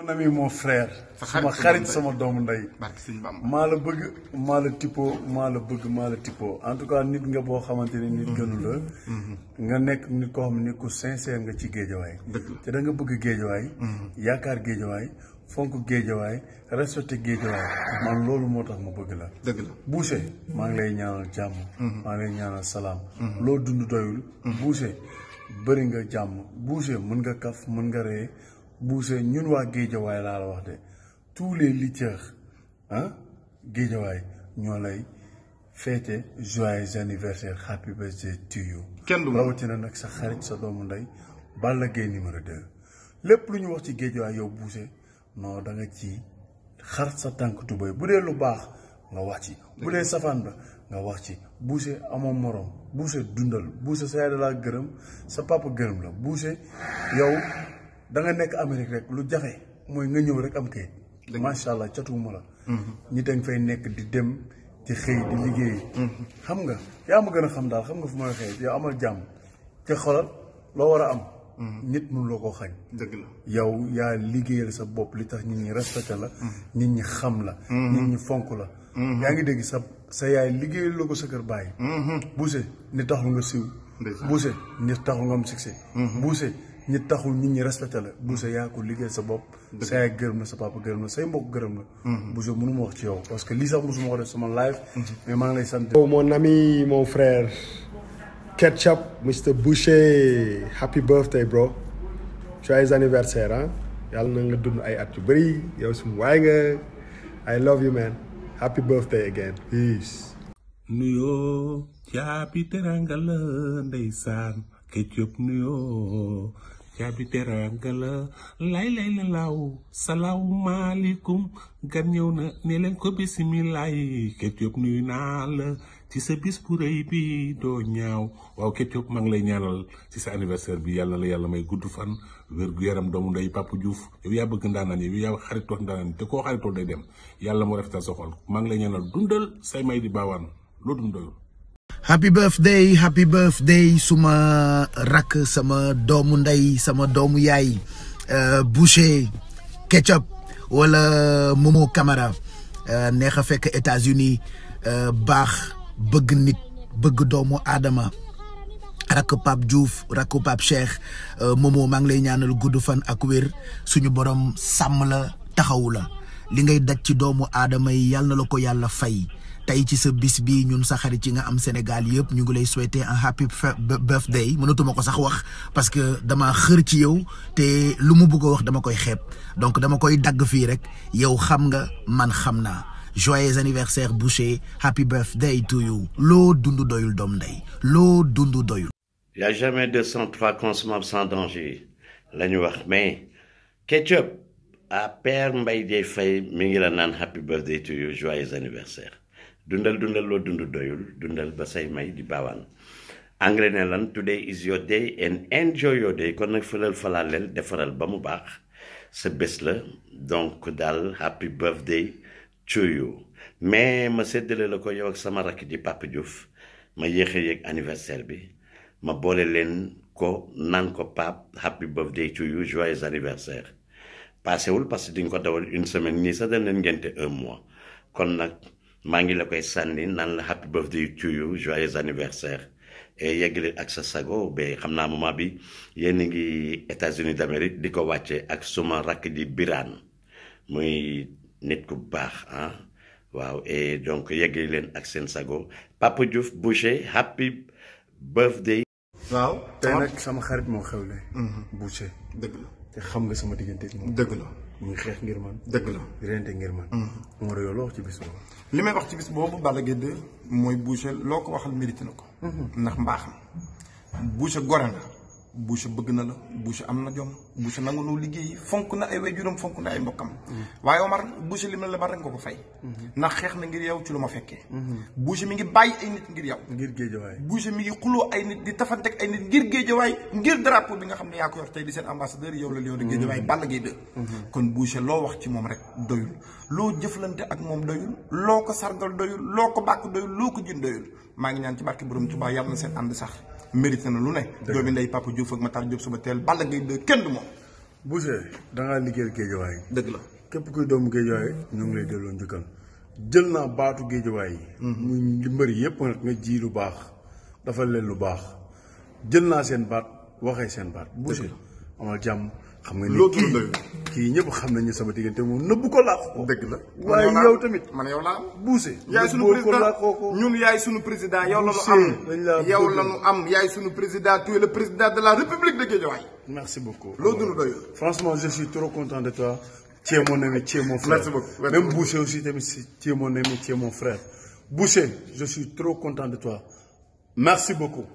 mon ami moo frère sama xarit sama doomu ndey maa la bëgg maa la tippoo maa la bëgg maa la tippoo en tout cas nit nga boo xamante ni nit gënu la mm-hmm. nga nekk nit koo xam ne ku sincère nga ci géejawaay te da nga bëgg géejawaay mm-hmm. yaakaar géejawaay fonk géejawaay respecté géejawaay man loolu moo tax ma bëgg la dëgg maa ngi lay ñaanal jàmm mm-hmm. maa ngi lay ñaanal salaam loo dund doyul Boucher bëri nga jàmm Boucher mën nga kaf mën nga ree Boucher ñun waa géejawaay laa la wax de tous les lutteurs ah géejawaay ñoo lay féete joyeux anniversaire happy birthday to you. kenn du rawatina nag sa xarit sa doomu ndey Balla Gaye numéro 2 lépp lu ñu wax ci géejawaay yow Boucher non da nga ci xar sa tànk tubéy bu dee lu baax nga wax ci. bu dee safaan ba nga wax ci Boucher amoon morom Boucher dundal Boucher sa yaay da gërëm sa papa gërëm la Boucher yow. da nga nekk Amérique rek lu jaxe mooy nga ñëw rek am kayit. macha allah catuwuma la. ñi mhm. dañ fay nekk di dem ci xëy di liggéey. Mhm. xam nga yaa ma gën a xam daal xam nga fu may xëy yow amal jàmm te loo war a am. Mhm. nit mënu la koo dëgg yow yaa liggéeyal sa bopp li tax nit ñi respecté la. nit ñi xam la. nit ñi fonk la. yaa ngi dégg sa sa yaay liggéey la ko sa kër bàyyi. buuse ni taxul nga siw. buuse ni taxul nga am succès. buuse ñi taxul nit ñi respecté la bu sa yaa ko liggéey sa bopp sa yaay gërëm la sa papa gërëm la say mbokk gërëm la mhm. bu sa wax ci yow parce que lii sax mosuma ko def sama live mhm. mais maa ngi lay sant mon ami mon frère Ketchup Mr Boucher happy birthday bro joyeux anniversaire ah yàlla na nga dund ay at yu bëri yow sum waaye nga I love you man happy birthday again peace nuyoo caabi teranga la ndeysaan Ketchup nuyoo jaabi teranga la lay lay la laaw salaamaaleykum gan ñëw na ne leen ko bisimilaay Ket Diop nuyu naa la ci sa bis bu rëy bi doo ñaaw waaw Ket Diop lay ñaanal ci sa anniversaire bi yàlla la yàlla may gudd fan wér gu yaram doomu ndey Papa juuf yow yaa bëgg ndaanaan yow yaa xaritoo ndaanaan te koo xaritoo day dem yàlla moo rafetal sa xol maa lay ñaanal dundal say may di baawaan loo dundal happy birthday happy birthday suma rak sama doomu ndey sama doomu yaay euh, Boucher Ketchup wala Momo Camara euh, neex a fekk États-Unis euh, baax bëgg nit bëgg doomu aadama rakk Pape Diouf rakk Pape Cheikh Momo maa ngi lay ñaanal gudd fan ak wér suñu borom sàmm la taxawu la li ngay daj ci doomu aadama yi yàlla na la ko yàlla fay tey ci sa bis bi ñun sa xarit yi nga am Sénégal yëpp ñu ngi lay souhaiter un happy birthday mënatuma ko sax wax parce que dama xër ci yow te lu mu bëgg a wax dama koy xeeb donc dama koy dagg fii rek yow xam nga man xam naa joyeux anniversaire Boucher happy birthday to you loo dund doyul doom ndey loo dund doyul. il jamais 203 consommables sans danger la wax mais ketchup. ah père Mbaye Dieye Faye mi ngi la naan happy birthday to you joyeux anniversaire dundal dundal loo dund doyul dundal ba say may di baawaan anglais ne lan today is your day and kon nag fëlal falaleel defaral ba mu baax sa bés la donc daal happy birthday to mais ma séddale la ko yow ak sama rakk di Papa Diouf ma yéexe yéeg anniversaire bi ma boole leen ko naan ko pap happy birthday to you joyeux anniversaire paasewul parce que duñ ko dawal une semaine ñii sax dañ leen ngénte un mois kon nag maa ngi la koy sànni naan la happy birthday to you joyeux anniversaire et yeggali ak sa sago ba xam naa moment bi yéen ngi États-Unis d'Amérique di ko wàcce ak suma rakk ji Birane muy nit ku baax ah. waaw et donc yeggali leen ak seen sago Papa Diouf Boucher happy birthday. waaw tey sama xarit moo xewle. Mhm. Boucher dëgg la. te xam nga sama diggante moom. dëgg la muy xeex ngir man. dëgg la di rente ngir man. Mm-hmm. moo doon loo wax ci bis boobu. li may wax ci bis boobu Balla Gaye mooy Boucher loo ko waxal mérite na ko. Mm-hmm. ndax mbaaxam Boucher gore na. Boucher bëgg na la Boucher am na jom Boucher nangu noo liggéey fonk na ay waajuram fonk na ay mbokkam mm-hmm. waaye Omar Boucher lim la lebal rek nga ko fay mm-hmm. ndax xeex na ngir yow ci lu ma fekkee mm-hmm. Boucher mi ngi bàyyi ay nit ngir yow ngir géejawaay Boucher mi ngi xuloo ay nit di tafantek ay nit ngir géejawaay ngir drapeau bi nga xam ne yaa ko yor tey di seen ambassadeur yow la yow géejawaay Balla Gaye 2 kon Boucher loo wax ci moom rek doyul loo jëflante ak moom doyul loo ko sargal doyul loo ko bàkk loo ko jin doyul maa ngi ñaan ci barke borom Tuubaa na seen ànd sax mérité na lu ne. doomi ndey Papa Diouf ma Matar Diouf suba teel Balla Gaye 2 kenn du moom. Boucher liggéey ngaa liggéeyal géejawaay. dëgg la képp kuy doomu géejawaay ñu ngi lay delloo njukkal jël naa baatu géejawaay yi. Mhm. muy mbër yëpp nag nga ji lu baax dafa leen lu baax jël naa seen baat waxee seen baat. Boucher amal jàmm. xam nga ni kii kii ñëpp xam nañu sama diggante moom nëbbu ko laax ko. dëgg la waaye yow tamit. man yow laa am buuse. yaay sunu président ñun président yow la ñu am yow la ñu am yaay sunu président tu es le président de la république de Guédiawaye. merci beaucoup loo dund doy franchement je suis trop content de toi. tu es mon ami tu es mon frère. merci beaucoup même Bousse aussi tamit tu es mon ami tu es mon frère. Bousse je suis trop content de toi merci beaucoup.